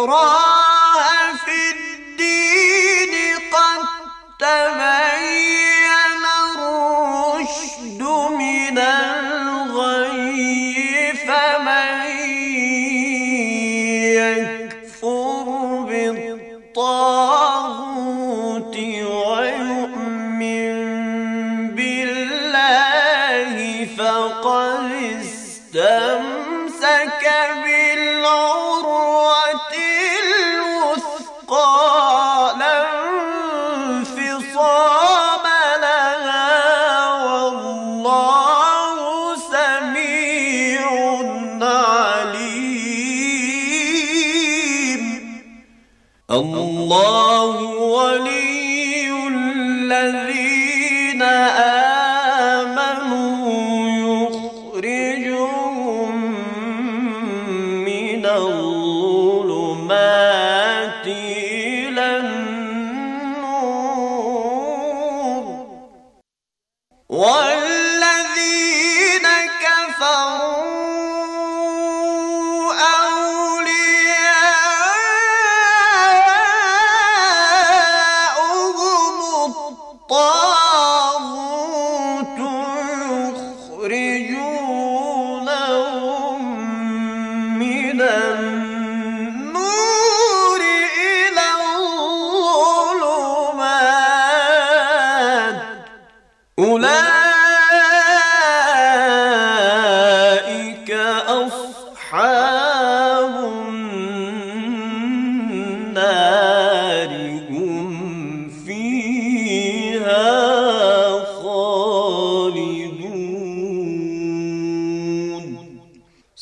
أخرى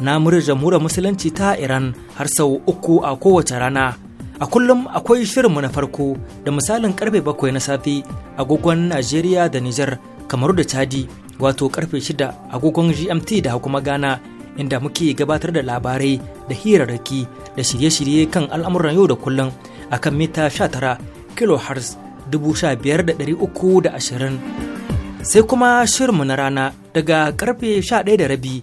na murin jamhuriyar musulunci ta Iran har sau uku a kowace rana. A kullum akwai shirinmu na farko da misalin karfe bakwai na safe agogon Najeriya da Nijar kamaru da Chadi wato karfe shida agogon GMT da kuma Ghana inda muke gabatar da labarai da hirarraki da shirye-shirye kan al'amuran yau da kullum a kan mita sha tara dubu da uku da ashirin, sai kuma shirinmu na rana daga karfe ɗaya da rabi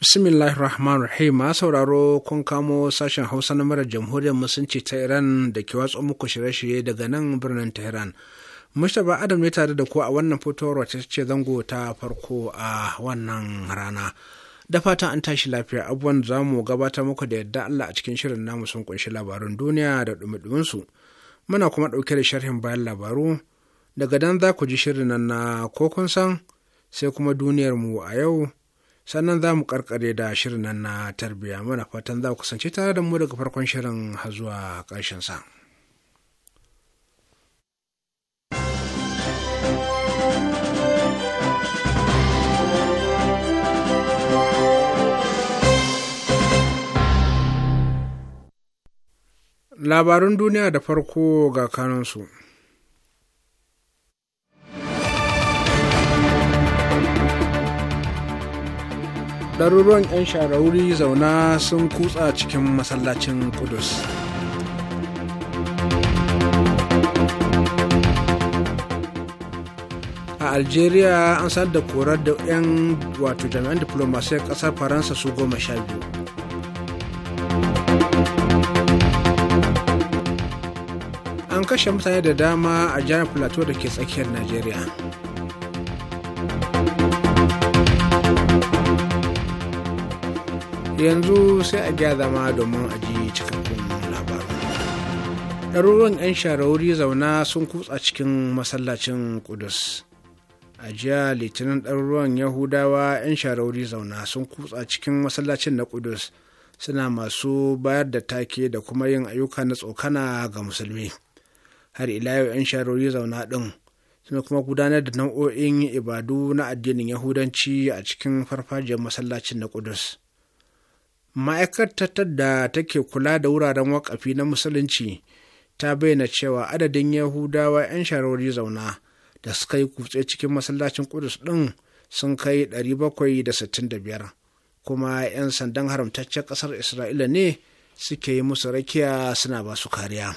Bismillah rahman rahim sauraro kun kamo sashen hausa na marar jamhuriyar musulunci ta iran da ke watsa muku shirye-shirye daga nan birnin tehran mustapha adam ne tare da ku a wannan fitowar wacce ce zango ta farko a wannan rana da fatan an tashi lafiya abubuwan za mu gabata muku da yadda allah a cikin shirin namu sun kunshi labarun duniya da dumi su muna kuma ɗauke da sharhin bayan labaru daga dan za ku ji shirin nan na ko kun san sai kuma duniyar mu a yau sannan za mu karkare da shirin nan na tarbiyya mana fatan za ku kasance tare da mu daga farkon shirin har zuwa ƙarshen sa. Labarun duniya da farko ga kanunsu. ɗaruruwan 'yan sharauri zauna sun kutsa cikin masallacin kudus a algeria an sanar da korar da 'yan wato jami'an diplomasiyar ƙasar faransa su goma sha biyu an kashe mutane da dama a jihar plateau da ke tsakiyar najeriya yanzu sai a gya zama domin a ji cikakkun labarin ɗaruruwan 'yan sharauri zauna sun kutsa cikin masallacin kudus a jiya litinin ɗaruruwan yahudawa 'yan sharauri zauna sun kutsa cikin masallacin na kudus suna masu bayar da take da kuma yin ayyuka na tsokana ga musulmi har ila yau 'yan sharauri zauna ɗin suna kuma gudanar da nau'o'in ibadu na addinin yahudanci a cikin farfajiyar masallacin na kudus ma'aikatar da take kula da wuraren wakafi na musulunci ta bayyana cewa adadin yahudawa 'yan sharori zauna da suka yi kutse cikin masallacin kudus ɗin sun kai 765 kuma 'yan sandan haramtaccen ƙasar isra'ila ne suke yi musu rakiya suna ba su kariya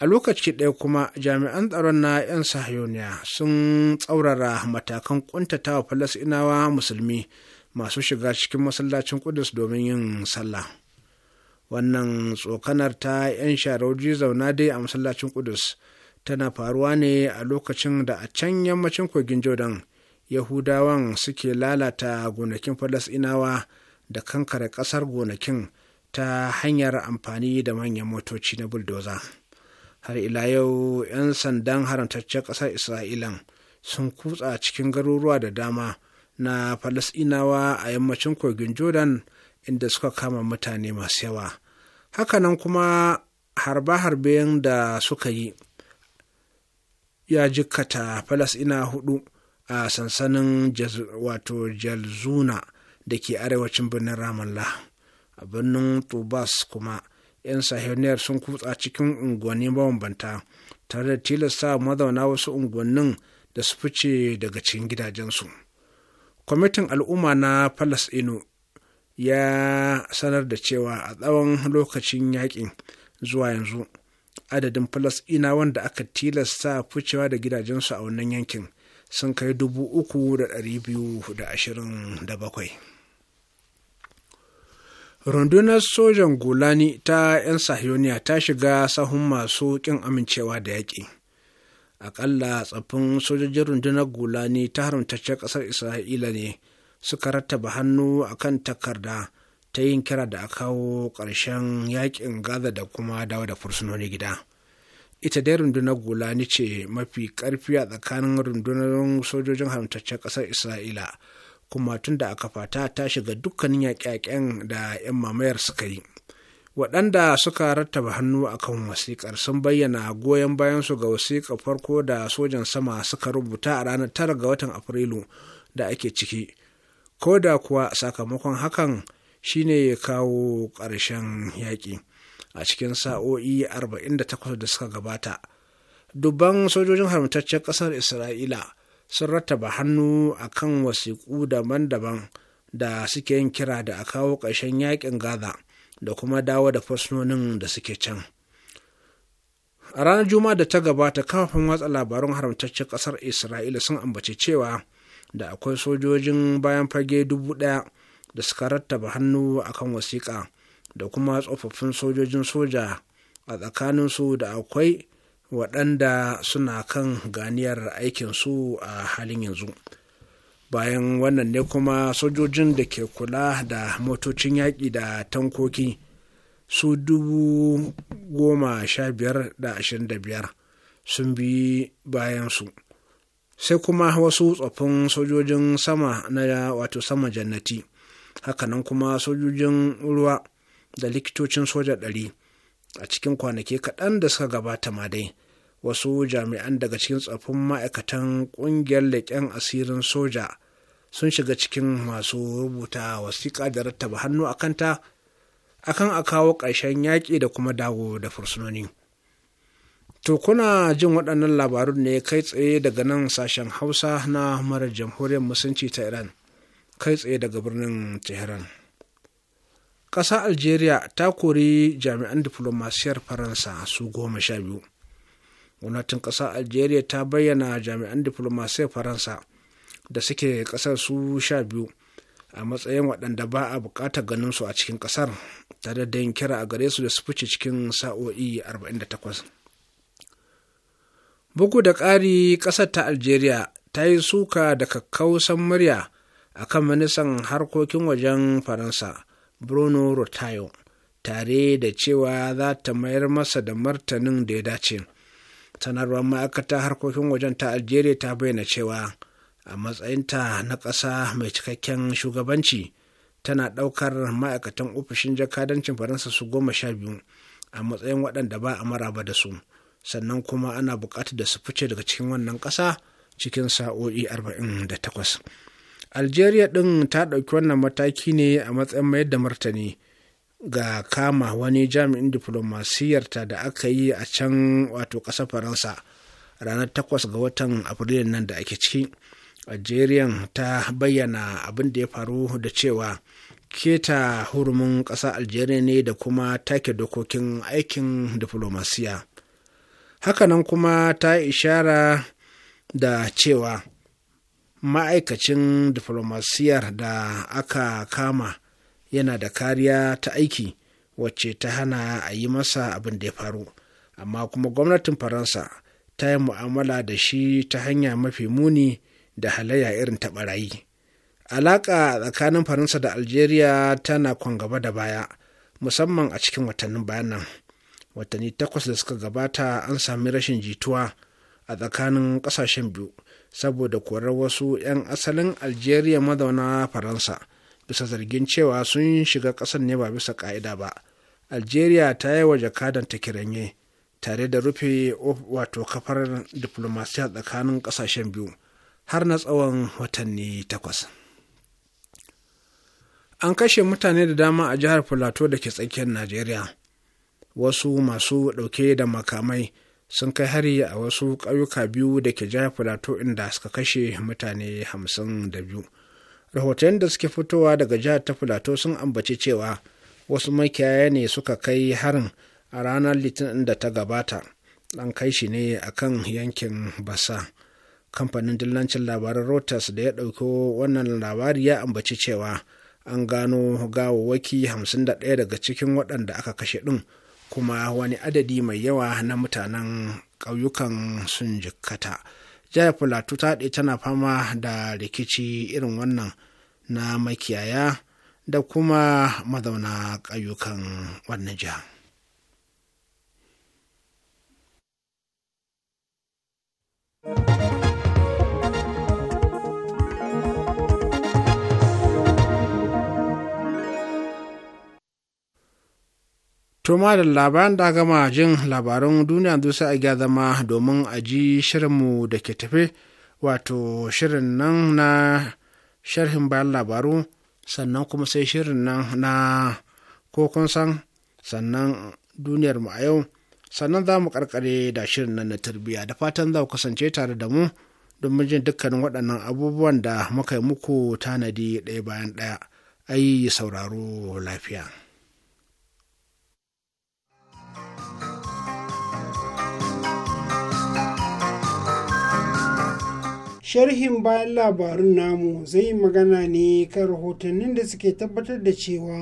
a lokaci ɗaya kuma jami'an tsaron na 'yan sahayoniya sun tsaurara matakan ƙuntatawa falasinawa musulmi masu shiga cikin masallacin Kudus domin yin sallah. Wannan tsokanar ta 'yan sharoji zauna dai a masallacin Kudus tana faruwa ne a lokacin da a can yammacin kogin Jordan Yahudawan suke lalata gonakin Falasɗinawa da kankare ƙasar gonakin ta hanyar amfani da manyan motoci na buldoza. har ila yau 'yan sandan haramtaccen ƙasar isra'ilan sun kutsa cikin garuruwa da dama na Falasɗinawa a yammacin kogin jordan inda suka kama mutane masu yawa hakanan kuma harbe-harben da suka yi ya jikkata Falasɗina hudu a sansanin wato jalzuna da ke arewacin birnin ramallah a birnin tubas kuma 'yan sahiyar sun kutsa cikin unguwanni mabambanta tare da tilasta mazauna wasu unguwannin da su fice daga cikin gidajensu. kwamitin al'umma na falasɗinu ya sanar da cewa a tsawon lokacin yakin zuwa yanzu adadin falasɗina wanda aka tilasta ficewa da gidajensu a wannan yankin sun kai dubu uku da ɗari biyu da ashirin da bakwai rundunar sojan gulani ta 'yan sahiyoniya ta shiga sahun masu ƙin amincewa da yaƙi akalla tsaffin sojojin rundunar gulani ta haramtaccen ƙasar isra'ila ne suka rattaba hannu a kan takarda ta yin kira da a kawo ƙarshen yakin gaza da kuma dawo da fursunoni gida ita dai rundunar gulani ce mafi ƙarfi a tsakanin rundunar sojojin haramtaccen ƙasar isra'ila kuma tun da aka fata ta shiga dukkanin yaƙe-yaƙen da 'yan mamayar suka yi waɗanda suka rattaba hannu a kan wasiƙar sun bayyana goyon bayansu ga wasiƙa farko da sojan sama suka rubuta a ranar tara ga watan afrilu da ake ciki ko da kuwa sakamakon hakan shine ya kawo ƙarshen yaƙi a cikin sa'o'i 48 da suka gabata dubban sojojin haramtaccen ƙasar isra'ila sun rattaba hannu a kan wasiƙu daban-daban da suke yin kira da a kawo ƙarshen yaƙin gaza da kuma dawo da fursunonin da suke can a ranar juma'a da ta gabata kafin watsa labarun haramtaccen kasar isra'ila sun ambace cewa da akwai sojojin bayan fage dubu daya da suka rattaba hannu kan wasiƙa da kuma tsofaffin sojojin soja a tsakaninsu da akwai waɗanda suna kan ganiyar aikinsu a halin yanzu. bayan wannan ne kuma sojojin da ke kula da motocin yaƙi da tankoki su dubu goma sha biyar da ashirin da biyar sun bi bayan su sai kuma wasu tsoffin sojojin sama na wato sama jannati hakanan kuma sojojin ruwa da likitocin soja ɗari a cikin kwanaki kaɗan da suka gabata ma dai wasu jami'an daga cikin tsoffin ma'aikatan ƙungiyar leƙen asirin soja sun shiga cikin masu rubuta wasiƙa da rattaba hannu a kanta akan a kawo ƙarshen yaƙi da kuma dawo da fursunoni. To kuna jin waɗannan labarun ne kai tsaye daga nan sashen Hausa na marar jamhuriyar musulunci ta Iran, kai tsaye daga birnin Tehran. Ƙasa Algeria ta kori jami'an diflomasiyar Faransa su goma sha biyu. gwamnatin ƙasar algeria ta bayyana jami'an diflomasiyar faransa da suke ƙasar su sha biyu a matsayin waɗanda ba a buƙatar ganin su a cikin ƙasar tare da yin kira a gare su da su fice cikin sa'o'i 48 bugu da ƙari ƙasar ta algeria ta yi suka da kakkausan murya a kan ministan harkokin wajen faransa bruno rotayo tare da cewa za ta mayar masa da martanin da ya dace sanarwar ma'aikatar harkokin wajen ta algeria ta bayyana cewa a matsayinta na ƙasa mai cikakken shugabanci tana ɗaukar ma'aikatan ofishin jakadancin faransa su goma sha biyu a matsayin waɗanda ba a maraba da su sannan kuma ana buƙatar da su fice daga cikin wannan ƙasa cikin sa'o'i arba'in da takwas. algeria ɗin ta ɗauki wannan mataki ne a matsayin mayar da martani ga kama wani jami'in diflomasiyarta da aka yi a can wato ƙasar faransa ranar takwas ga watan afrilun nan da ake ciki algerian ta bayyana abin da ya faru da cewa keta hurumin ƙasa algeria ne da kuma take dokokin aikin diflomasiya hakanan kuma ta yi ishara da cewa ma'aikacin diflomasiyar da aka kama yana da kariya ta aiki wacce ta hana a yi masa abin da ya faru amma kuma gwamnatin faransa ta yi mu'amala da shi ta hanya mafi muni da halayya irin ta barayi alaƙa tsakanin faransa da algeria tana kwan gaba da baya musamman a cikin watannin bayanan, watanni takwas da suka gabata an sami rashin jituwa a tsakanin ƙasashen biyu saboda korar wasu 'yan asalin algeria mazauna faransa bisa zargin cewa sun shiga ƙasar ne ba bisa ƙa'ida ba algeria ta yi wa jakadan ta kiranye tare da rufe wato kafar diplomasiya tsakanin ƙasashen biyu har na tsawon watanni takwas an kashe mutane da dama a jihar filato da ke tsakiyar najeriya wasu masu ɗauke da makamai sun kai hari a wasu ƙauyuka biyu da ke jihar filato inda suka kashe mutane hamsin da biyu rahoton da suke fitowa daga jihar ta filato sun ambaci cewa wasu makiyaya ne suka kai harin a ranar litinin da ta gabata an kai shi ne a kan yankin basa kamfanin dillancin labaran reuters da ya ɗauki wannan labari ya ambaci cewa an gano gawawwaki 51 daga cikin waɗanda aka kashe ɗin kuma wani adadi mai yawa na mutanen ƙauyukan sun jikkata. jihar plateau ta haɗe tana fama da rikici irin wannan na makiyaya da kuma mazauna ƙayyukan wannan jiha. thank to da labaran da gama jin labaran duniya zo sai a gya zama domin a ji shirinmu da ke tafe wato shirin nan na sharhin bayan labaru sannan kuma sai shirin nan na kokon san sannan duniyar mu a yau sannan za mu karkare da shirin nan na tarbiyya da fatan za ku kasance tare da mu domin jin dukkanin waɗannan abubuwan da muka yi muku tanadi ɗaya bayan ɗaya ai sauraro lafiya. sharhin bayan labarun namu zai yi magana ne kan rahotannin da suke tabbatar da cewa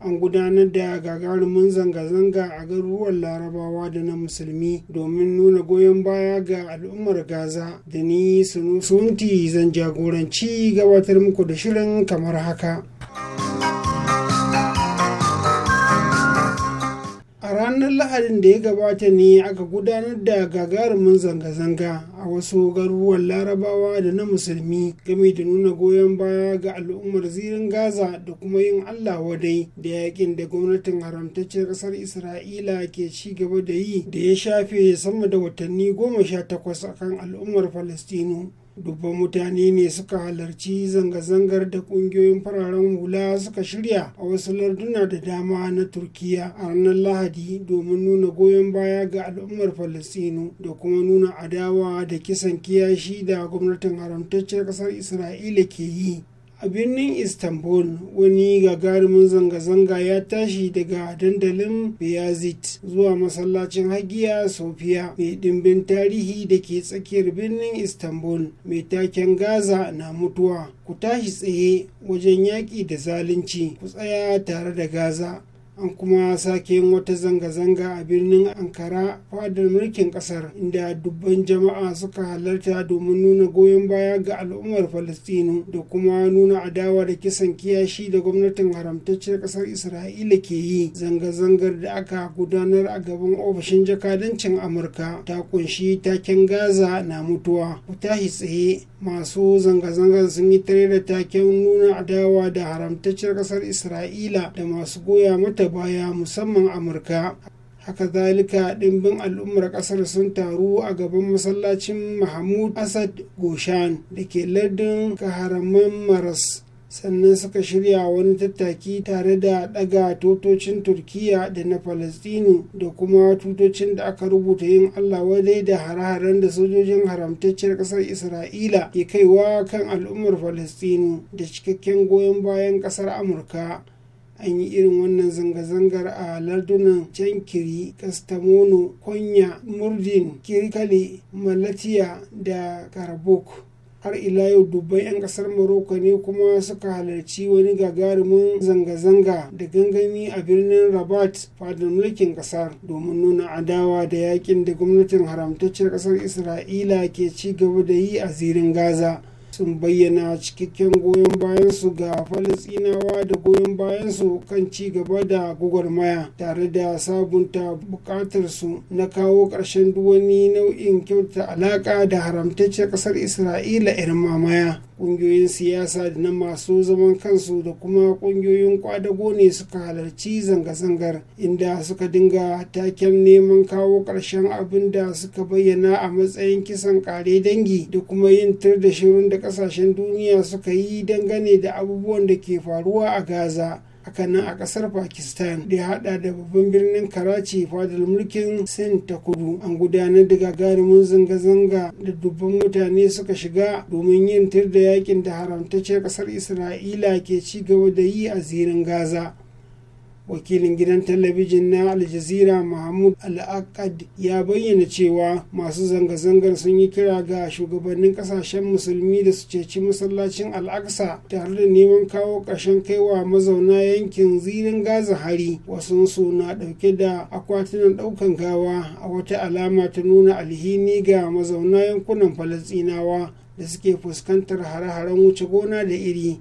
an gudanar da gagarumin zanga-zanga a garuruwan larabawa da na musulmi domin nuna goyon baya ga al'ummar gaza da ni sunti zan jagoranci gabatar muku da shirin kamar haka. a ranar lahadin da ya gabata ne aka gudanar da gagarumin zanga-zanga a wasu garuruwan larabawa da na musulmi game da nuna goyon baya ga al'ummar zirin gaza da kuma yin allah wadai da yakin da gwamnatin haramtaccen ƙasar isra'ila ke ci gaba da yi da ya shafe sama da watanni goma sha takwas akan al'ummar falastinu dubban mutane ne suka halarci zanga-zangar da kungiyoyin fararen hula suka shirya a wasu larduna da dama na turkiya a ranar lahadi domin nuna goyon baya ga al'ummar falastinu da kuma nuna adawa da kisan kiyashi da gwamnatin haramtacciyar kasar isra'ila ke yi a birnin istanbul wani gagarumin zanga-zanga ya tashi daga dandalin beyazit zuwa masallacin hagiya sofiya mai dimbin tarihi da ke tsakiyar birnin istanbul mai taken gaza na mutuwa ku tashi tsaye wajen yaƙi da zalunci ku tsaya tare da gaza an kuma sake yin wata zanga-zanga a birnin ankara fadar mulkin kasar inda dubban jama'a suka halarta domin nuna goyon baya ga al'ummar falastinu da kuma nuna adawa da kisan kiyashi da gwamnatin haramtacciyar kasar isra'ila ke yi zanga-zangar da aka gudanar a gaban ofishin jakadancin amurka ta kunshi taken gaza na mutuwa tashi tsaye masu zanga-zangar sun yi tare da taken nuna adawa da haramtacciyar kasar isra'ila da masu goya mata baya musamman amurka haka zalika ɗimbin al'ummar ƙasar sun taru a gaban masallacin mahmud asad goshan da ke lardin kaharaman maras sannan suka shirya wani tattaki tare da ɗaga totocin turkiya da na falastini da kuma tutocin da aka rubuta yin allah wadai da hare-haren da sojojin haramtacciyar ƙasar isra'ila ke kaiwa kan al'ummar falastini da cikakken goyon bayan ƙasar amurka an yi irin wannan zanga-zangar a lardunan cankiri kastamono konya murdin Kirikali, malatiya da karabok har ila yau dubban 'yan kasar Morocco ne kuma suka halarci wani gagarumin zanga-zanga da gangami a birnin Rabat fadin mulkin kasar domin nuna adawa da yakin da gwamnatin haramtaccen kasar Isra'ila ke ci gaba da yi a zirin Gaza. sun bayyana cikakken goyon bayansu ga falasinawa da goyon bayansu kan ci gaba da gwagwarmaya tare da sabunta bukatarsu na kawo ƙarshen duwani nau'in kyauta alaƙa da haramtacciyar ƙasar isra'ila irin mamaya kungiyoyin siyasa da na masu zaman kansu da kuma kungiyoyin kwadago ne suka halarci zanga-zangar inda suka dinga taken neman kawo ƙarshen abin da suka bayyana a matsayin kisan kare dangi da kuma yin tir da shirin da ƙasashen duniya suka yi dangane da abubuwan da ke faruwa a gaza nan a kasar pakistan da ya hada da babban birnin karachi fadar mulkin sin ta kudu an gudanar da gagarumin zanga-zanga da dubban mutane suka shiga domin yin tir da yakin da haramtacciyar kasar isra'ila ke ci gaba da yi a zirin gaza wakilin gidan talabijin na aljazira mahmud al'aqad ya bayyana cewa masu zanga-zangar sun yi kira ga shugabannin kasashen musulmi da su ceci masallacin Al-Aqsa. tare da neman kawo ƙarshen kaiwa mazauna yankin zirin gaza hari su na ɗauke da akwatunan ɗaukan gawa a wata alama ta nuna alhini ga mazauna yankunan falasɗinawa da suke fuskantar hare-haren wuce gona da iri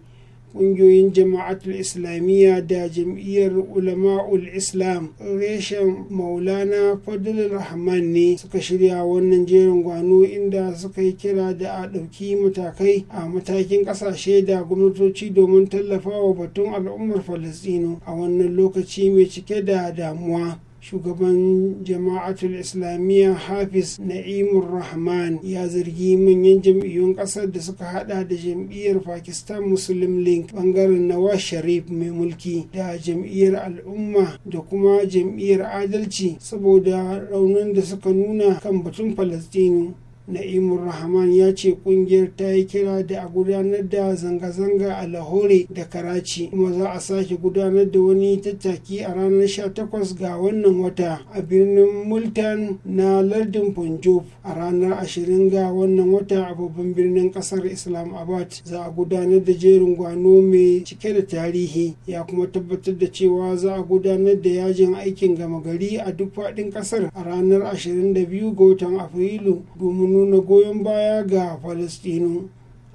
ƙungiyoyin jama'atul islamiyya da jam'iyyar ulama'ul islam reshen maulana fadil rahman ne suka shirya wannan jerin gwano inda suka yi kira da a ɗauki matakai a matakin ƙasashe da gwamnatoci domin tallafa wa batun al'ummar falastino a wannan lokaci mai cike da damuwa shugaban jama'atul islamiyya hafiz na'imur rahman ya zargi manyan jam'iyyun kasar da suka hada da jam'iyyar pakistan muslim link bangaren nawa sharif mai mulki da jam'iyyar al'umma da kuma jam'iyyar adalci saboda raunin da suka nuna kan batun falastinu na'imur rahman ya ce kungiyar ta yi kira da a gudanar da zanga-zanga a lahore da karachi kuma za a sake gudanar da wani tattaki a ranar 18 ga wannan wata a birnin multan na lardin punjab a ranar 20 ga wannan wata a babban birnin kasar islamabad za a gudanar da jerin gwano mai cike da tarihi ya kuma tabbatar da cewa za a gudanar da yajin aikin gama gari a duk faɗin kasar a ranar 22 ga watan afrilu domin nuna goyon baya ga falastinu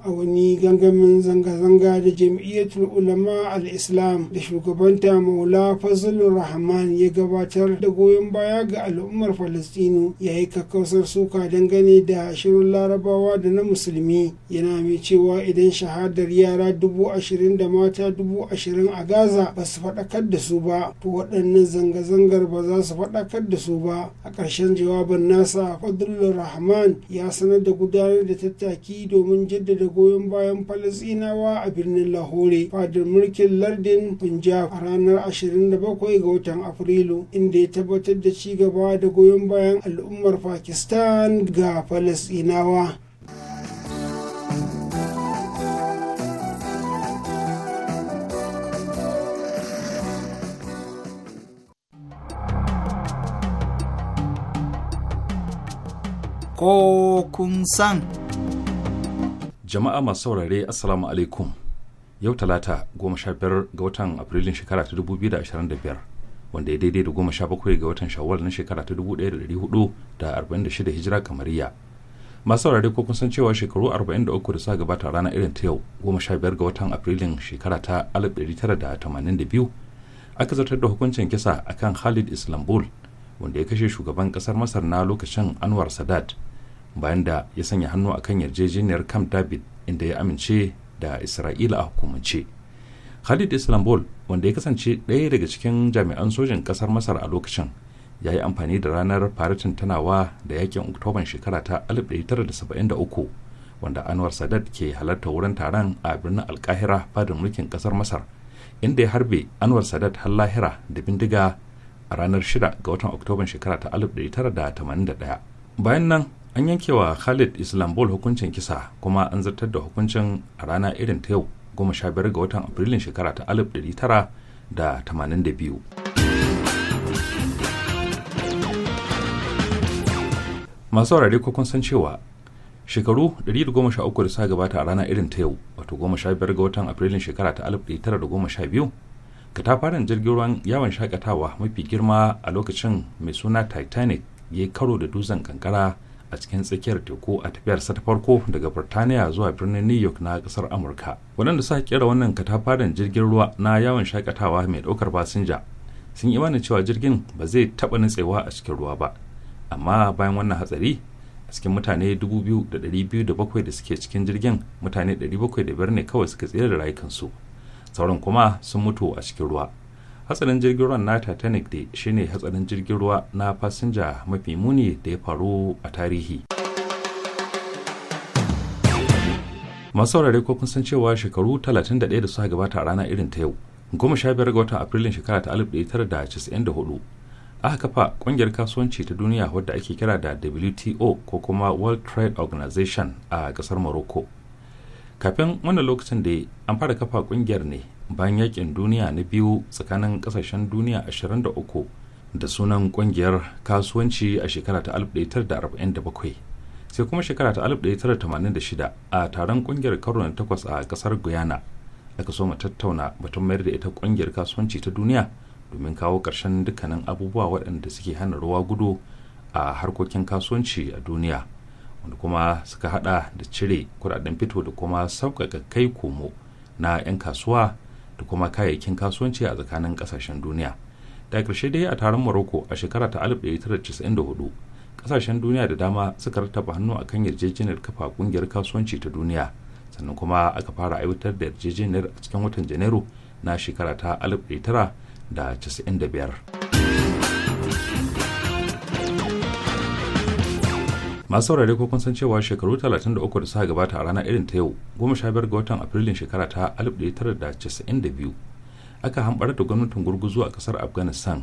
a wani gangamin zanga-zanga da jam'iyyatul ulama al-islam da shugabanta maula fazlur rahman ya gabatar da goyon baya ga al'ummar falastinu ya yi kakkausar suka dangane da shirin larabawa da na musulmi yana mai cewa idan shahadar yara dubu ashirin da mata dubu ashirin a gaza ba su faɗakar da su ba to waɗannan zanga-zangar ba za su faɗakar da su ba a ƙarshen jawabin nasa fadlur rahman ya sanar da gudanar da tattaki domin jaddada goyon bayan falasinawa a birnin lahore fadar mulkin lardin punjab a ranar 27 ga watan afrilu inda ya tabbatar da ci gaba da goyon bayan al'ummar pakistan ga falasinawa ko kun san. jama'a masu saurare assalamu alaikum yau talata goma sha biyar ga watan afrilun shekara ta dubu biyu da ashirin da biyar wanda ya daidai da goma sha bakwai ga watan shawwal na shekara ta dubu ɗaya da ɗari hudu da arba'in da shida hijira kamariya masu saurare ko kun san cewa shekaru 43 da suka gabata rana irin ta yau 15 ga watan afrilun shekara ta 1982 aka zartar da hukuncin kisa akan Khalid Islambul wanda ya kashe shugaban kasar Masar na lokacin Anwar Sadat bayan da ya sanya hannu a kan yarjejeniyar camp david inda ya amince da isra'ila a hukumance khalid islambol wanda ya kasance ɗaya daga cikin jami'an sojin ƙasar masar a lokacin ya yi amfani da ranar faratin tanawa da yakin oktoban shekara ta 1973 wanda anwar sadat ke halarta wurin taron a birnin alkahira fadin mulkin ƙasar masar inda ya harbe anwar sadat har lahira da bindiga a ranar 6 ga watan oktoban shekara ta 1981 bayan nan an yankewa khalid islambol hukuncin kisa kuma an zartar da hukuncin a rana irin ta yau goma sha biyar ga watan afrilun shekara ta alif dari tara da tamanin da biyu masu saurare ko kun san cewa shekaru 113 da sa gabata a rana irin ta yau wato biyar ga watan afrilun shekara ta alif da dari tara biyu katafaren jirgin ruwan yawon shakatawa mafi girma a lokacin mai suna titanic ya yi karo da dutsen kankara a cikin tsakiyar teku a tafiyarsa ta farko daga burtaniya zuwa birnin new york na kasar amurka waɗanda sa kera wannan katafaren jirgin ruwa na yawon shakatawa mai ɗaukar fasinja sun yi imanin cewa jirgin ba zai taɓa nutsewa a cikin ruwa ba amma bayan wannan hatsari a cikin mutane 2,207 da suke cikin jirgin mutane 705 ne kawai suka tsira da rayukansu sauran kuma sun mutu a cikin ruwa hatsarin jirgin ruwan na titanic shi shine hatsarin jirgin ruwa na fasinja mafi muni da ya faru a tarihi masu saurare ko kun san cewa shekaru 31 da suka gabata a rana irin ta yau goma sha biyar ga watan afrilun shekara ta 1994 aka kafa kungiyar kasuwanci ta duniya wadda ake kira da wto ko kuma world trade organization a kasar morocco kafin wannan lokacin da an fara kafa kungiyar ne bayan yakin duniya na biyu tsakanin kasashen duniya 23 da sunan kungiyar kasuwanci a shekara ta 1947 sai kuma shekara ta 1986 a taron kungiyar karo na takwas a kasar guyana aka so mu tattauna batun mayar da ita kungiyar kasuwanci ta duniya domin kawo ƙarshen dukkanin abubuwa waɗanda suke hana ruwa gudu a harkokin kasuwanci a duniya wanda kuma suka hada da cire kudaden fito da kuma sauƙaƙa kai komo na 'yan kasuwa da kuma kayayyakin kasuwanci a tsakanin kasashen duniya da ƙarshe dai a taron morocco a shekara ta 1994 kasashen duniya da dama suka rattaba hannu kan yarjejeniyar kafa ƙungiyar kasuwanci ta duniya sannan kuma aka fara aiwatar da yarjejeniyar a cikin watan janairu na shekara ta 1995 masu saurare ko kun san cewa shekaru 33 da suka gabata a rana irin ta yau 15 ga watan afrilun shekara ta 1992 aka hambar da gwamnatin gurguzu a kasar afghanistan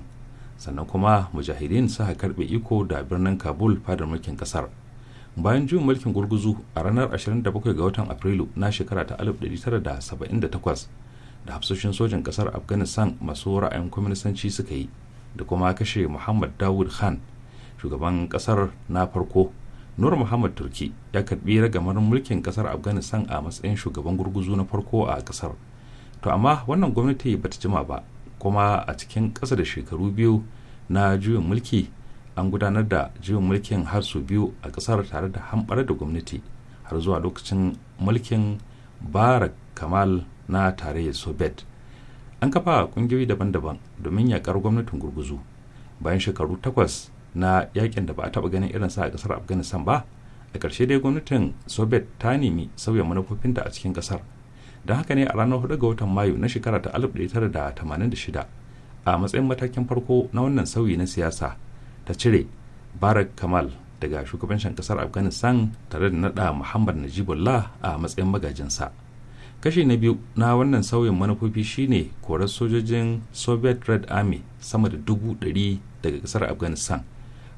sannan kuma mujahideen suka karbe iko da birnin kabul fadar mulkin kasar bayan juyin mulkin gurguzu a ranar 27 ga watan afrilu na shekara ta 1978 da hafsoshin sojin kasar afghanistan masu ra'ayin kwaminisanci suka yi da kuma kashe muhammad dawud khan shugaban kasar na farko nur muhammad turki ya karbi ragamar mulkin kasar afghanistan a matsayin shugaban gurguzu na farko a kasar to amma wannan gwamnati bata jima ba kuma a cikin ƙasa da shekaru biyu na juyin mulki an gudanar da juyin mulkin har su biyu a ƙasar tare da hamɓarar da gwamnati har zuwa lokacin mulkin barak kamal na tarayyar soviet an kafa ƙungiyoyi daban-daban domin yakar gwamnatin gurguzu bayan shekaru takwas na yakin da ba a taba ganin irinsa a kasar afghanistan ba a ƙarshe dai gwamnatin soviet ta nemi sauya manufofinta a cikin kasar don haka ne a ranar 4 ga watan mayu na shekara ta 1986 a matsayin matakin farko na wannan sauyi na siyasa ta cire barak kamal daga shugabancin kasar afghanistan tare da nada muhammad najibullah a matsayin magajinsa kashi na biyu na wannan sauyin manufofi shine korar sojojin soviet red army sama da dubu ɗari daga kasar afghanistan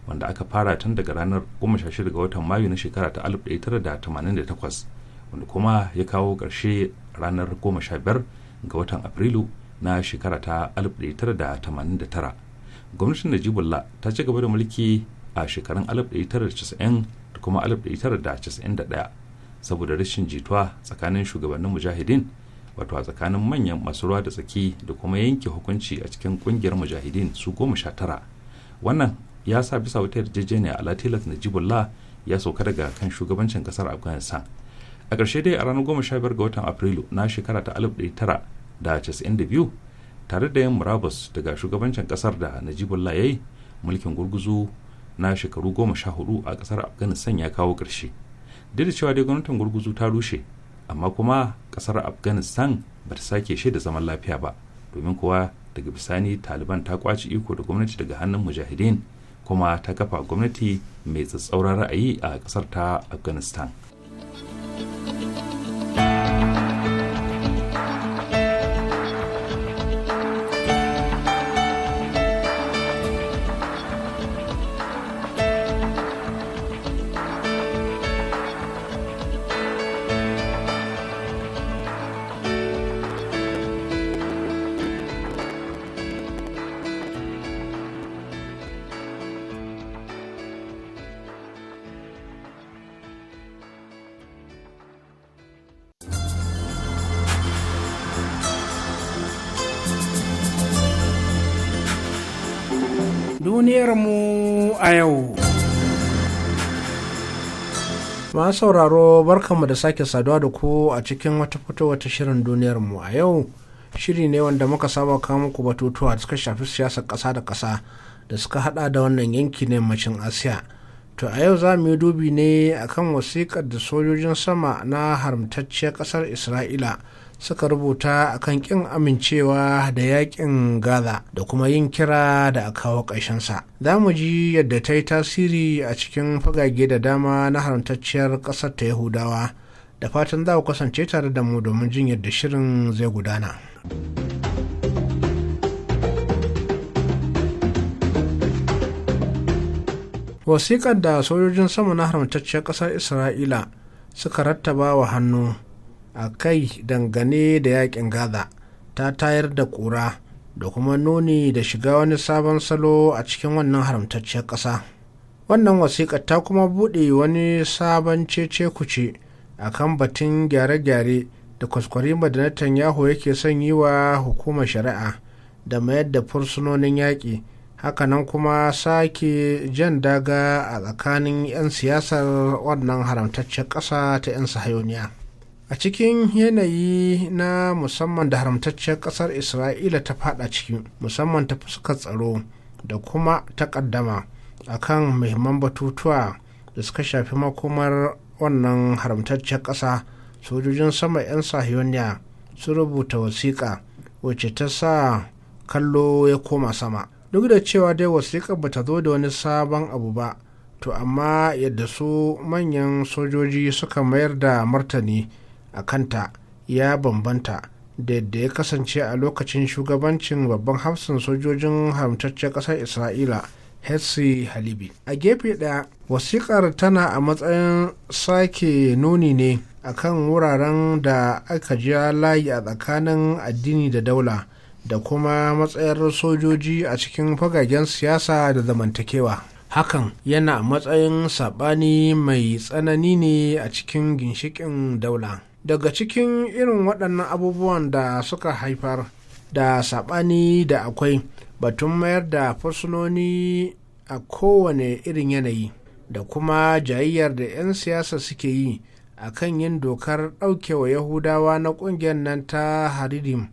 wanda aka fara tun daga ranar 16 ga watan mayu na shekara ta 1988 wanda kuma ya kawo ƙarshe ranar 15 ga watan afrilu na shekara ta 1989 gwamnatin najibullah ta ci gaba da mulki a shekarun 1990 da kuma 1991 saboda rashin jituwa tsakanin shugabannin mujahidin wato a tsakanin manyan masu ruwa da tsaki da kuma yanke hukunci a cikin kungiyar mujahidin su goma sha tara wannan ya sa bisa wata yarjejeniya ala na najibullah ya sauka daga kan shugabancin kasar afghanistan a ƙarshe dai a ranar 15 ga watan afrilu na shekara ta alif tara da biyu tare da yin murabus daga shugabancin kasar da najibullah ya yi mulkin gurguzu na shekaru goma sha hudu a kasar afghanistan ya kawo ƙarshe duk da cewa dai gwamnatin gurguzu ta rushe amma kuma kasar afghanistan ba ta sake da zaman lafiya ba domin kuwa daga bisani taliban ta kwaci iko da gwamnati daga hannun mujahideen kuma ta kafa gwamnati mai tsatsauran ra'ayi a ƙasar ta afghanistan duniyarmu a yau. Ma sauraro barkanmu da sake saduwa da ku a cikin wata fito wata shirin duniyarmu a yau. Shiri ne wanda muka saba kawo muku batutuwa da suka shafi siyasar ƙasa da ƙasa da suka hada da wannan yanki na yammacin Asiya. To a yau za mu yi dubi ne akan wasiƙar da sojojin sama na haramtacciyar ƙasar Isra'ila. suka rubuta a kan ƙin amincewa da yaƙin gaza da kuma yin kira da a kawo sa za mu ji yadda ta yi tasiri a cikin fagage da dama na haramtacciyar ƙasar ta yahudawa da fatan za ku kasance tare da mu domin jin yadda shirin zai gudana. wasiƙar da sojojin sama na haramtacciyar ƙasar isra'ila suka rattaba wa hannu a kai dangane da yakin gaza ta tayar da kura da kuma nuni da shiga wani sabon salo a cikin wannan haramtacciyar ƙasa wannan wasiƙa ta kuma buɗe wani sabon cece kuce a kan batun gyare-gyare da kwaskwarima madanatan yahoo yake son yi wa hukumar shari'a da mayar da fursunonin yaƙi hakanan kuma sake jan daga a tsakanin 'yan siyasar wannan haramtaccen ƙasa ta 'yan sahayoniya. a cikin yanayi na musamman da haramtacciyar ƙasar isra'ila ta fada ciki musamman ta fuskar tsaro da kuma ta a kan muhimman batutuwa da suka shafi makomar wannan haramtacciyar ƙasa sojojin sama 'yan sahiyoniya su rubuta wasiƙa wacce ta sa kallo ya koma sama duk da cewa dai wasiƙar ba ta zo da wani sabon abu ba to amma yadda su manyan sojoji suka mayar da martani a kanta ya bambanta da yadda ya kasance a lokacin shugabancin babban hafsan sojojin haramtaccen ƙasar isra'ila hetsi halibi a gefe ɗaya wasiƙar tana a matsayin sake nuni ne akan wuraren da aka ji layi a tsakanin addini da daula da kuma matsayar sojoji a cikin fagagen siyasa da zamantakewa hakan yana matsayin saɓani mai tsanani ne a cikin ginshiƙin daula daga cikin irin waɗannan abubuwan da suka haifar da saɓani da akwai batun mayar da fursunoni a kowane irin yanayi da kuma jayayyar da 'yan siyasa suke yi a kan yin dokar ɗaukewa yahudawa na ƙungiyar nan ta haririm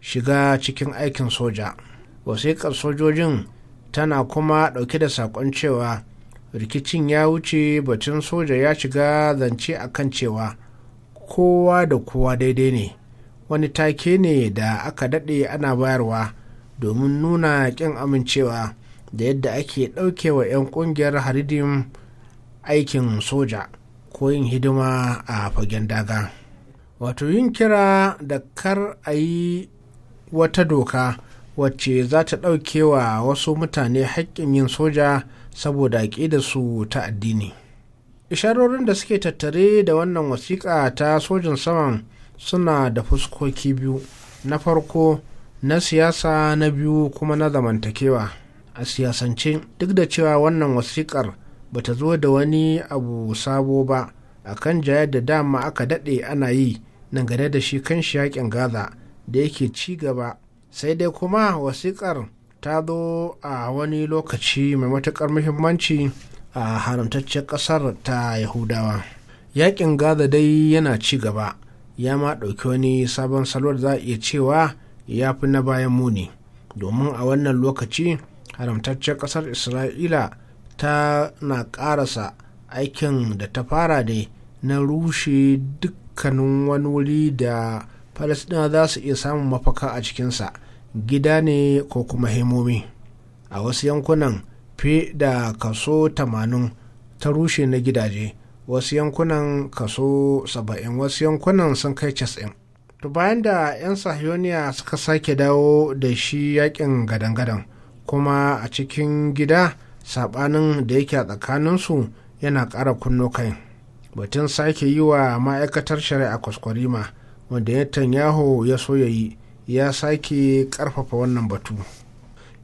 shiga cikin aikin soja wasiƙar sojojin tana kuma ɗauke da saƙon cewa rikicin ya wuce batun soja ya shiga zance akan cewa kowa da kowa daidai ne wani take ne da aka daɗe ana bayarwa domin nuna ƙin amincewa da yadda ake ɗaukewa 'yan ƙungiyar haridim aikin soja ko yin hidima a fagen daga wato yin kira da kar a yi wata doka wacce za ta wa wasu mutane haƙƙin yin soja saboda su ta addini. isharorin da suke tattare da wannan wasiƙa ta sojin saman suna da fuskoki biyu na farko na siyasa na biyu kuma na zamantakewa a siyasance duk da cewa wannan wasiƙar ba ta zo da wani abu sabo ba a kan jaya da dama aka daɗe ana yi gane da shi kan shi gaza da yake ci gaba sai dai kuma wasiƙar ta zo a wani lokaci mai matuƙar muhimmanci a haramtaccen ƙasar ta yahudawa yakin gaza dai yana ci gaba ya ma ɗauki wani sabon salwar za a iya cewa ya fi na bayan muni domin a wannan lokaci haramtaccen ƙasar isra'ila ta na ƙarasa aikin da ta fara dai na rushe dukkanin wani wuri da falasɗina za su iya samun mafaka a cikinsa gida ne ko kuma hemomi a wasu yankunan fi da kaso 80 ta rushe na gidaje wasu yankunan kaso 70 wasu yankunan sun kai 90 to bayan da 'yan sahiyoniya suka sake dawo da shi yakin gadan-gadan kuma a cikin gida sabanin da yake a tsakaninsu yana ƙara kunno kai batun sake yi wa ma'aikatar shari'a kwaskwarima wanda netanyahu ya so ya yi ya sake ƙarfafa wannan batu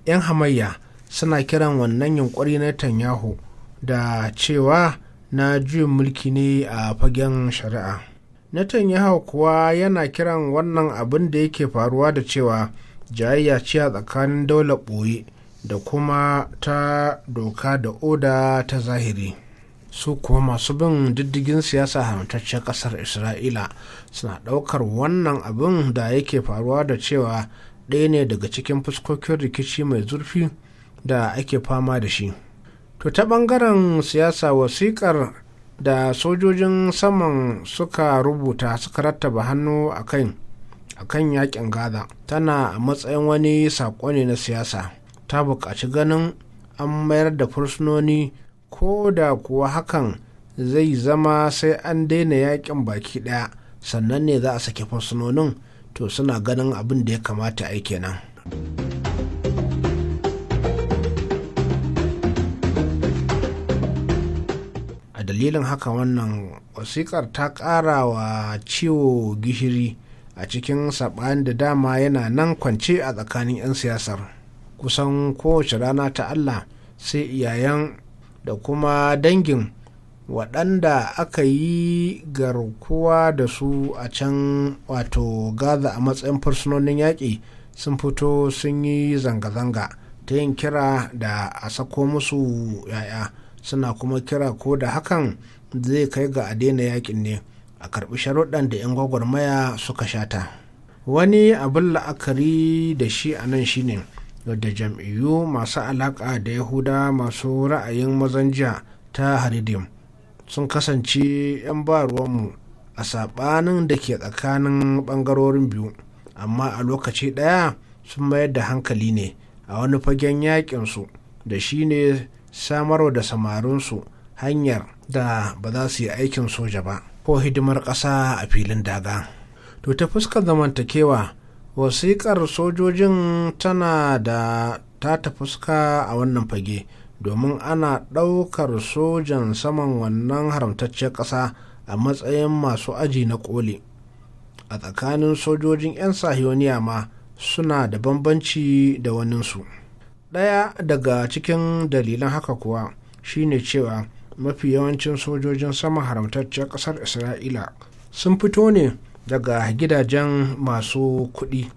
'yan hamayya suna kiran wannan yunkuri na Netanyahu da cewa na juyin mulki ne a fagen shari'a. Netanyahu kuwa yana kiran wannan abin da yake faruwa da cewa jayayya ce a tsakanin daular ɓoye da kuma ta doka da oda ta zahiri. su kuwa masu bin diddigin siyasa haramtaccen kasar isra'ila suna ɗaukar wannan abin da yake faruwa da cewa ɗaya ne daga cikin fuskokin rikici mai zurfi da ake fama da shi to ta ɓangaren siyasa wasikar da sojojin saman suka rubuta suka rattaba hannu a kan yaƙin yakin gaza tana a matsayin wani saƙo ne na siyasa ta buƙaci ganin an mayar da fursunoni ko da kuwa hakan zai zama sai an daina yakin baki ɗaya sannan ne za a sake fursunonin to suna ganin abin da ya kamata ai kenan. dalilin haka wannan wasikar ta ƙara wa ciwo gishiri a cikin saɓani da dama yana nan kwance a tsakanin 'yan siyasar kusan kowace rana ta allah sai iyayen da kuma dangin waɗanda aka yi garkuwa da su a can wato gaza a matsayin fursunonin yaƙi sun fito sun yi zanga-zanga ta yin kira da a sako musu yaya suna kuma kira ko da hakan zai kai ga a daina yakin ne a karbi sharuɗan da 'yan gwagwarmaya suka shata wani abin la'akari da shi a nan shine da jam'iyyu masu alaƙa da yahuda masu ra'ayin mazan jiya ta haridim sun kasance 'yan baruwanmu a saɓanin da ke tsakanin ɓangarorin biyu amma a lokaci ɗaya sun mayar da hankali ne a wani fagen yaƙinsu da shi ne samarwa da samarinsu hanyar da ba za su yi aikin soja ba ko hidimar ƙasa a filin daga to ta fuskar zamantakewa wasiƙar sojojin tana da ta ta fuska a wannan fage domin ana ɗaukar sojan saman wannan haramtacciyar ƙasa a matsayin masu aji na ƙoli a tsakanin sojojin 'yan sahiyoniya ma suna da bambanci da waninsu. ɗaya daga cikin dalilan haka kuwa shine cewa mafi yawancin sojojin sama haramtacciyar ƙasar isra'ila sun fito ne daga gidajen masu kuɗi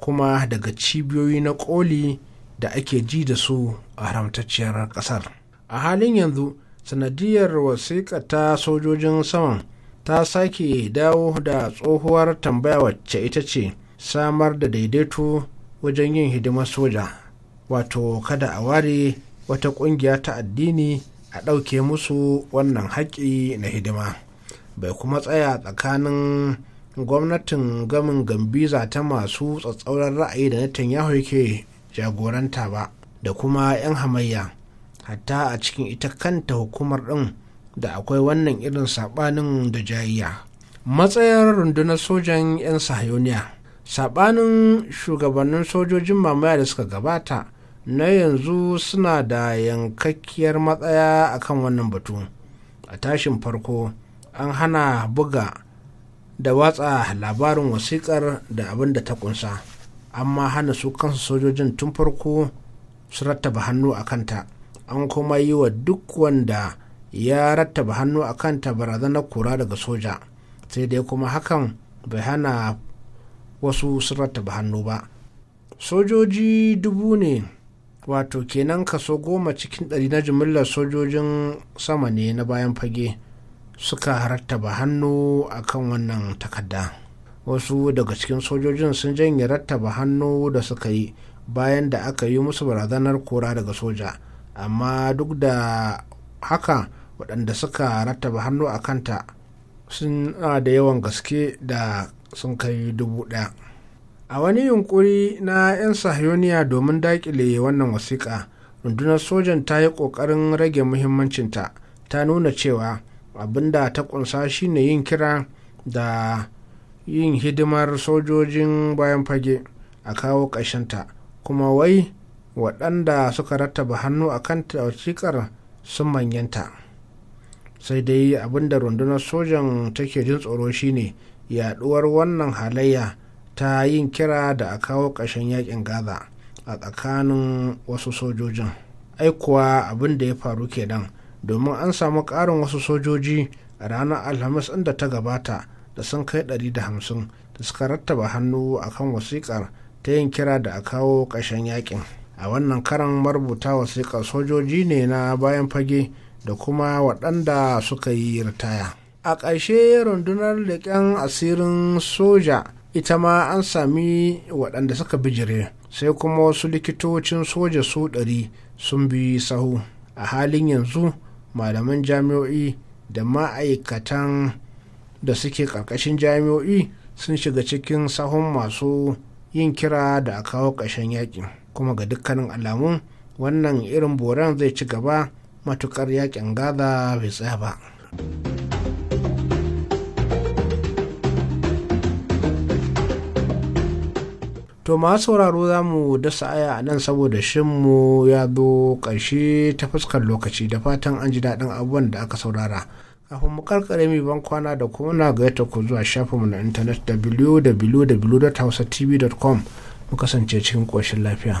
kuma daga cibiyoyi na ƙoli da ake ji da su a haramtacciyar ƙasar a halin yanzu sanadiyar wasiƙa ta sojojin saman ta sake dawo da tsohuwar tambaya wacce ita ce samar da daidaito wajen yin hidimar soja wato kada a ware wata ƙungiya ta addini a ɗauke musu wannan haƙƙi na hidima bai kuma tsaya tsakanin gwamnatin gamin gambiza ta masu tsatsauran ra'ayi da Netanyahu yake jagoranta ba da kuma 'yan hamayya hatta a cikin ita kanta hukumar ɗin da akwai wannan irin saɓanin da jayayya matsayar rundunar sojan 'yan sahayoniya saɓanin shugabannin sojojin mamaya da suka gabata na yanzu suna da yankakkiyar matsaya a kan wannan batu a tashin farko an hana buga da watsa labarin wasiƙar da abin da ta kunsa amma hana su kansu sojojin tun farko su rattaba hannu a kanta an kuma yi wa duk wanda ya rattaba hannu a kanta barazanar kura daga soja sai dai kuma hakan bai hana wasu sun rattaba hannu ba sojoji dubu ne wato kenan kaso goma cikin ɗari na jimillar sojojin sama ne na bayan fage suka rattaba hannu a kan wannan takarda wasu daga cikin sojojin sun janye rattaba hannu da suka yi bayan da aka yi musu barazanar kora daga soja amma duk da haka waɗanda suka rattaba hannu a kanta suna da yawan gaske da sun kai dubu ɗaya a wani yunkuri na 'yan sahiyoniya domin daƙile wannan wasiƙa rundunar sojan ta yi ƙoƙarin rage muhimmancinta ta nuna cewa abin da ta ƙunsa shine yin kira da yin hidimar sojojin bayan fage a kawo ƙashinta kuma wai waɗanda suka rattaba hannu a kan wasiƙar sun manyanta sai dai abin da rundunar sojan take jin tsoro shine yaɗuwar wannan halayya ta yin kira da a kawo ƙarshen yakin gaza a tsakanin wasu sojojin aikuwa abin da ya faru kenan domin an samu ƙarin wasu sojoji a ranar alhamis inda ta gabata da sun kai 150 da suka rattaba hannu akan wasiƙar ta yin kira da a kawo ƙarshen yakin a wannan karan marubuta wasiƙar sojoji ne na bayan fage da kuma waɗanda suka yi ritaya a ƙarshe rundunar leƙen asirin soja ita ma an sami waɗanda suka bijire sai kuma wasu likitocin soja su ɗari sun bi sahu a halin yanzu malaman jami'o'i da ma'aikatan da suke ƙarƙashin jami'o'i sun shiga cikin sahun masu yin kira da a kawo ƙarshen yaƙin kuma ga dukkanin alamu wannan irin boran zai ci gaba matuƙar yaƙin gaza bai tsaya ba. to ma sauraro za mu dasa aya a nan saboda shinmu ya zo ƙarshe ta fuskar lokaci da fatan an ji daɗin abubuwan da aka saurara kafin mu karkare mai ban kwana da kuma na gayyata ku zuwa shafin mu na intanet www.hausatv.com mu kasance cikin ƙoshin lafiya.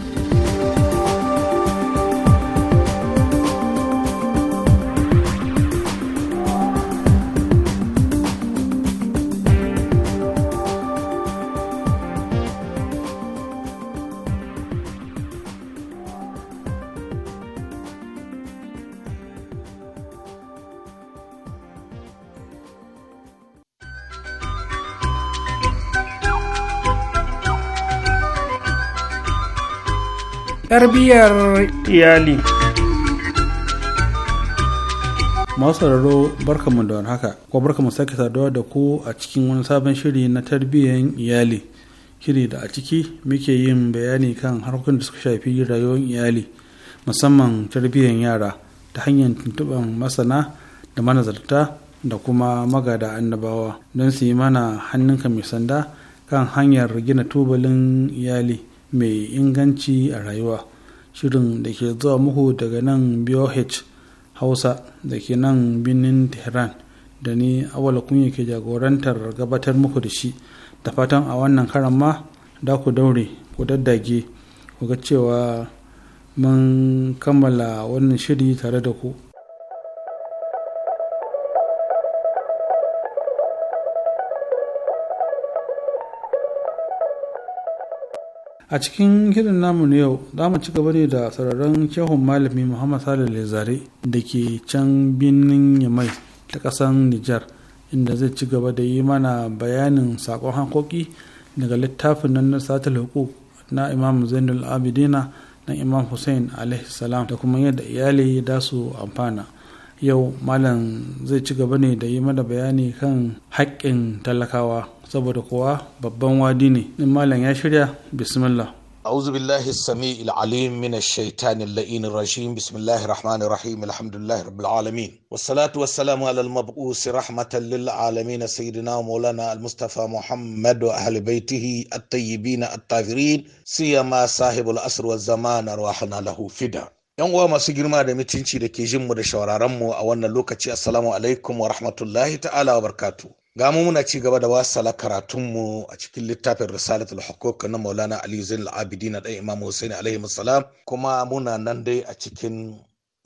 tarbiyyar iyali masu barkamu da haka ko barkamu sake saduwa da ku a cikin wani sabon shiri na tarbiyyar iyali shiri da a ciki muke yin bayani kan harkokin da suka shafi rayuwar iyali musamman tarbiyyar yara ta hanyar tuntuɓar masana da manazarta da kuma magada annabawa don su yi mana hannunka mai sanda kan hanyar gina tubalin iyali mai inganci a rayuwa shirin da ke zuwa muku daga nan BOH Hausa da ke nan birnin Tehran da ni awala kunya ke jagorantar gabatar muku da shi da fatan a wannan karan ma da ku daure ku daddage ku ga cewa mun kammala wannan shiri tare da ku a cikin hirin namu na yau za mu ci gaba ne da sararin kyahun malami muhammad salih lezare da ke can birnin yamai ta ƙasar nijar inda zai ci gaba da yi mana bayanin saƙon hankoki daga littafin nan na satul hukuk na imam zainul abidina na imam hussein alaihi salam da kuma yadda iyali da su amfana yau malam zai ci gaba ne da yi mana bayani kan haƙƙin talakawa saboda kowa babban wadi ne in malam ya shirya bismillah أعوذ بالله السميع العليم من الشيطان اللئين الرجيم بسم الله الرحمن الرحيم الحمد لله رب العالمين والصلاة والسلام على المبعوث رحمة للعالمين سيدنا ومولانا المصطفى محمد وأهل بيته الطيبين الطاهرين سيما صاحب الأسر والزمان أرواحنا له فدا yan uwa masu girma da mutunci da ke jinmu da shawararrenmu a wannan lokaci assalamu alaikum wa rahmatullahi ta'ala wa barkatu ga mu muna ci gaba da wasala karatun mu a cikin littafin risalatul hukuk na maulana ali zain al-abidin da imam husaini alaihi salam kuma muna nan dai a cikin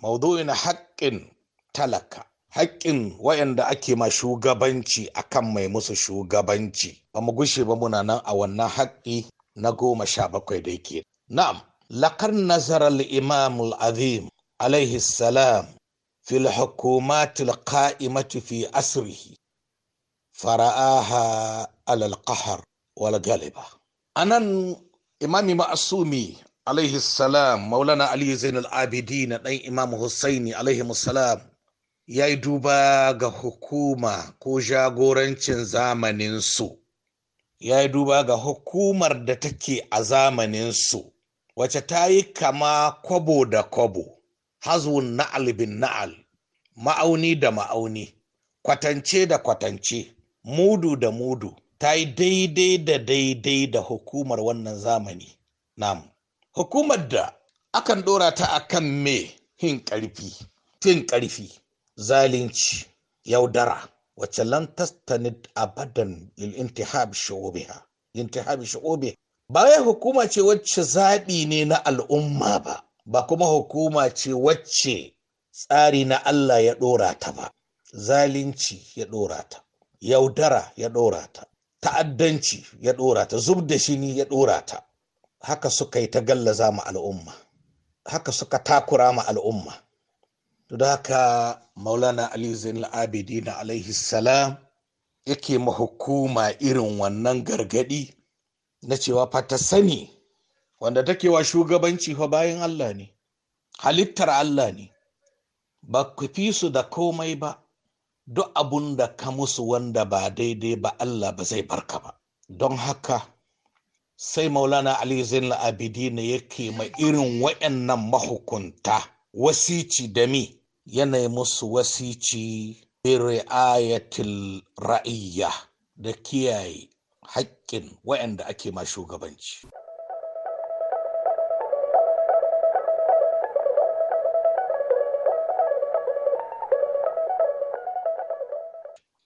maudu'in haƙƙin talaka haƙƙin wayanda ake ma shugabanci akan mai musu shugabanci ba mu gushe ba muna nan a wannan haƙƙi na goma sha bakwai da yake na'am لقد نظر الإمام العظيم عليه السلام في الحكومات القائمة في أسره فرآها على القهر والغلبة أنا إمام معصومي عليه السلام مولانا علي زين العابدين أي إمام Hussaini عليه السلام ya yi حكومة كوجا hukuma ko jagorancin zamaninsu ya حكومة دتكي ga hukumar wace ta yi kama kwabo da kwabo hazun na'al bin na'al ma'auni da ma'auni kwatance da kwatance mudu da mudu ta yi daidai da daidai da hukumar wannan zamani nam hukumar da akan ɗora ta kan me hin ƙarfi fin ƙarfi zalunci yaudara wacce lan tastanid abadan lil intihab shu'ubiha intihab ba wai hukuma ce wacce zaɓi ne na al'umma ba ba kuma hukuma ce wacce tsari na Allah ya ɗora ta ba zalunci ya ɗora ta yaudara ya ɗora ta ta'addanci ya ɗora ta zub da shini ya ɗora ta haka suka yi ta gallaza ma al'umma haka suka takura ma al'umma to da haka maulana ali al'abidi na alaihi salam yake ma hukuma irin wannan gargaɗi na cewa fata sani wanda take wa shugabanci fa bayan Allah ne halittar Allah ne ba ku fi su da komai ba duk abun da ka musu wanda ba daidai ba Allah ba zai barka ba don haka sai maulana ali zain abidina yake mai irin wayannan mahukunta wasici da mi yanayi musu wasici bi ra'ayatil ra'iyya da kiyaye haƙƙin waɗanda ake ma shugabanci.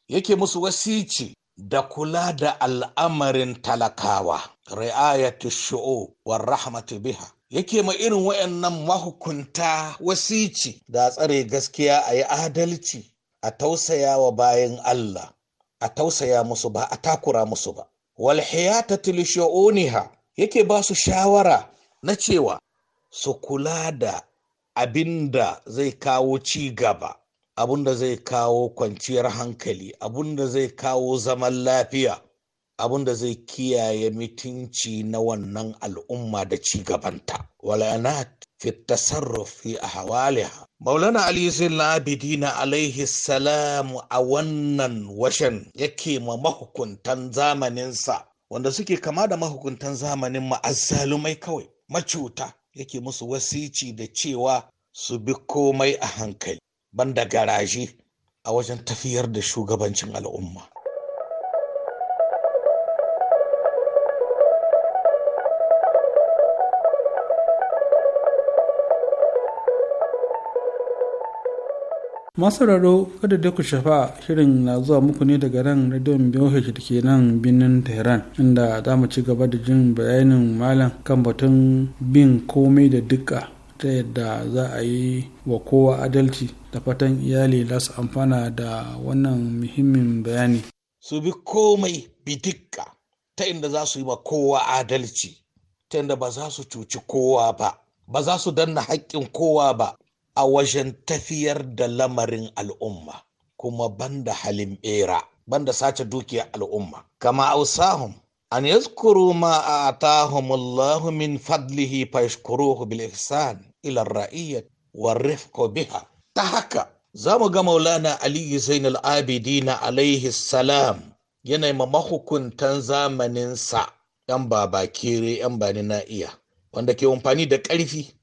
Yake musu wasici da kula da al'amarin talakawa, ri'ayatu sho’o wa rahmatu biha. Yake ma irin waɗannan mahukunta wasici da tsare gaskiya a yi adalci a tausaya wa bayan Allah. a tausaya musu ba a takura musu ba walhiyata tilisho'oniha yake ba su shawara na cewa su kula da abin da zai kawo ci gaba abin da zai kawo kwanciyar hankali abin da zai kawo zaman lafiya abin da zai kiyaye mutunci na wannan al'umma da ci gabanta fi tasarruf fi ahwaliha Maulana Ali Labidina alaihi salamu a wannan washen yake ma mahukuntan zamaninsa wanda suke kama da mahukuntan zamanin ma'azzalumai kawai macuta yake musu wasici da cewa su bi komai a hankali banda garaji a wajen tafiyar da shugabancin al'umma. masu raro kada da ku shafa shirin na zuwa muku ne daga ran radion BOH da ke nan birnin Tehran inda za mu ci gaba da jin bayanin malam kan batun bin komai da dukka ta yadda za a yi wa kowa adalci da fatan iyali za su amfana da wannan muhimmin bayani. Su bi komai bi dukka ta inda za su yi wa kowa adalci ta inda ba za su cuci kowa ba ba za su danna haƙƙin kowa ba a wajen tafiyar da lamarin al'umma kuma banda halin bera banda sace dukiyar al'umma kama ausahum an yazkuru ma a Allah min fadlihi fashkuruhu bil ihsan ila ar-ra'iyyah war biha ta haka za mu ga maulana aliyu zainal abidina alaihi salam yana ma mahukuntan zamanin sa. yan baba kere yan bani na iya wanda ke amfani da ƙarfi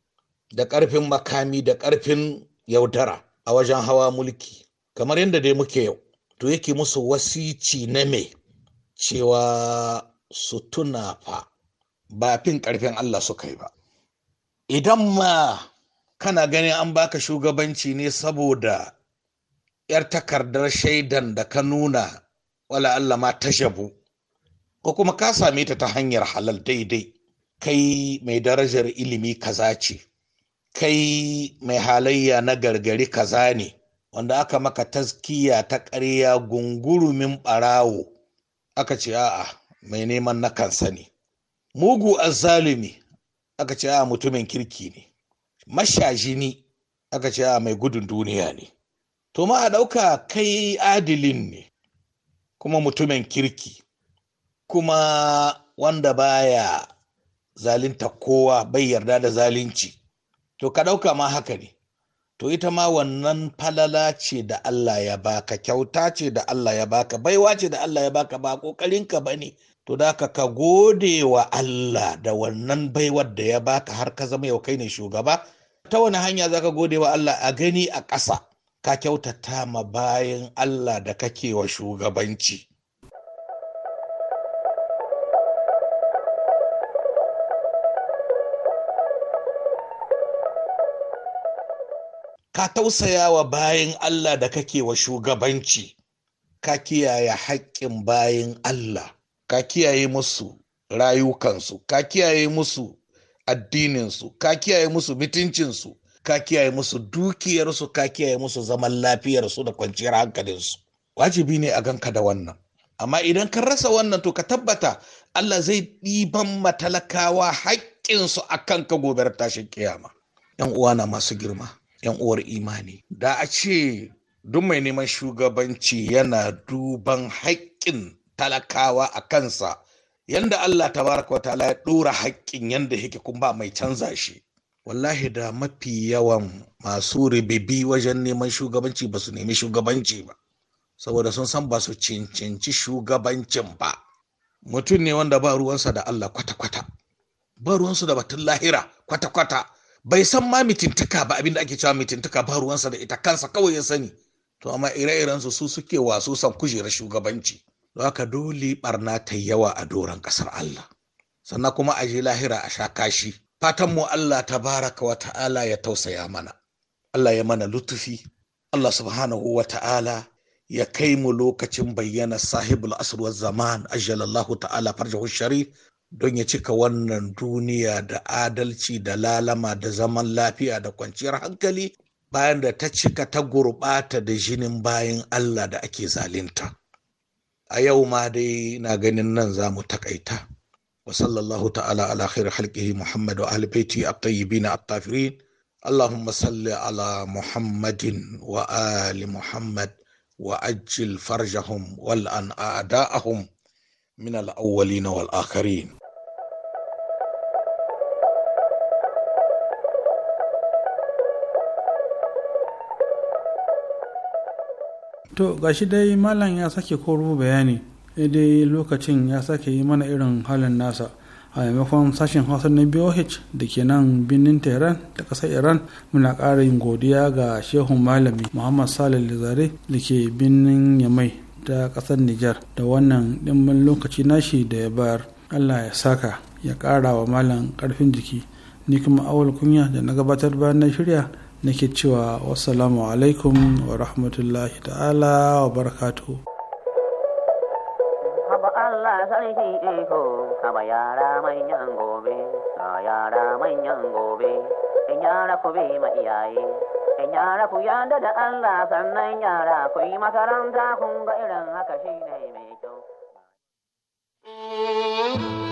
da ƙarfin makami da ƙarfin yaudara a wajen hawa mulki kamar yadda dai muke yau to yake musu wasici na me cewa su tuna fa ba fin ƙarfin Allah suka yi ba idan ma kana ganin an baka shugabanci ne saboda yar takardar shaidan da ka nuna wala Allah ma ta shabu ko kuma ka same ta ta hanyar halal daidai kai mai darajar ilimi kaza ce kai mai halayya na gargari kaza ne wanda aka maka taskiya ta ƙarya gungurumin ɓarawo aka ce a'a mai neman na kansa ne mugu azzalumi aka ce a'a mutumin kirki ne mashajini aka ce a'a mai gudun duniya ne to ma a ɗauka kai adilin ne kuma mutumin kirki kuma wanda baya zalinta kowa bai yarda da zalunci to ka ɗauka ma haka ne to ita ma wannan falala ce da Allah ya baka kyauta ce da Allah ya baka baiwa ce da Allah ya baka ba ƙoƙarinka ba ne to da ka ka gode wa Allah da wannan baiwar da ya baka har ka zama yau kai ne shugaba ta wani hanya za ka gode wa Allah a gani a ƙasa ka kyautata ma bayan Allah da kake wa shugabanci ka tausaya wa bayan Allah da kake wa shugabanci ka kiyaye haƙƙin bayan Allah ka kiyaye musu rayukansu ka kiyaye musu addininsu ka kiyaye musu mutuncinsu ka kiyaye musu dukiyarsu ka kiyaye musu zaman lafiyarsu da kwanciyar hankalinsu wajibi ne a ganka da wannan amma idan ka rasa wannan to ka tabbata Allah zai ɗiban matalakawa haƙƙinsu a kanka gobe tashin kiyama yan uwana masu girma 'yan uwar imani da a ce duk mai neman shugabanci yana duban haƙƙin talakawa a kansa yanda Allah ta tabaraka wa ta'ala ya ɗora haƙƙin yanda yake kun ba mai canza shi wallahi da mafi yawan masu ribibi wajen neman shugabanci ba su nemi shugabanci ba saboda sun san ba su cincinci shugabancin ba mutum ne wanda ba ruwansa da Allah kwata-kwata ba ruwansu da batun lahira kwata-kwata bai san ma mitintika ba abinda ake cewa mitintika ba ruwansa da ita kansa kawai ya sani to amma ire-iren su su suke wasu san kujerar shugabanci don haka dole barna ta yawa a doron kasar Allah sannan kuma a je lahira a sha kashi fatan mu Allah tabaraka wa ta'ala ya tausaya mana Allah ya mana lutufi Allah subhanahu wa ta'ala ya kai mu lokacin bayyana sahibul asr wa zaman ajjalallahu ta'ala farjahu sharif don ya cika wannan duniya da adalci da lalama da zaman lafiya da kwanciyar hankali bayan da ta cika ta gurɓata da jinin bayan Allah da ake zalinta. A yau ma dai na ganin nan za mu takaita. Wa sallallahu ta'ala ala khairu halqihi Muhammadu wa baiti at-tayyibin at-tafirin. Allahumma salli ala Muhammadin wa ali Muhammad wa ajil farjahum wal an a'da'ahum. من الأولين والآخرين wal to gashi dai malam ya sake koro bayani dai lokacin ya sake yi mana irin halin nasa a maimakon sashen hausa na boh da ke nan birnin tehran da ƙasar iran muna ƙara yin godiya ga shehu malami muhammad salih zare da ke birnin yamai ta ƙasar Nijar da wannan dimbin lokaci nashi da ya bayar. Allah ya saka ya ƙara wa malam ƙarfin jiki. Ni kuma awal kunya da na gabatar bayan na shirya nake cewa wassalamu alaikum wa rahmatullahi ta'ala wa barakatuhu. Allah sarki iko, yara manyan gobe, yara manyan gobe. yara ku bi ma iyaye yara ku yada da Allah sannan yara ku yi makaranta kun ga irin haka shi ne mai kyau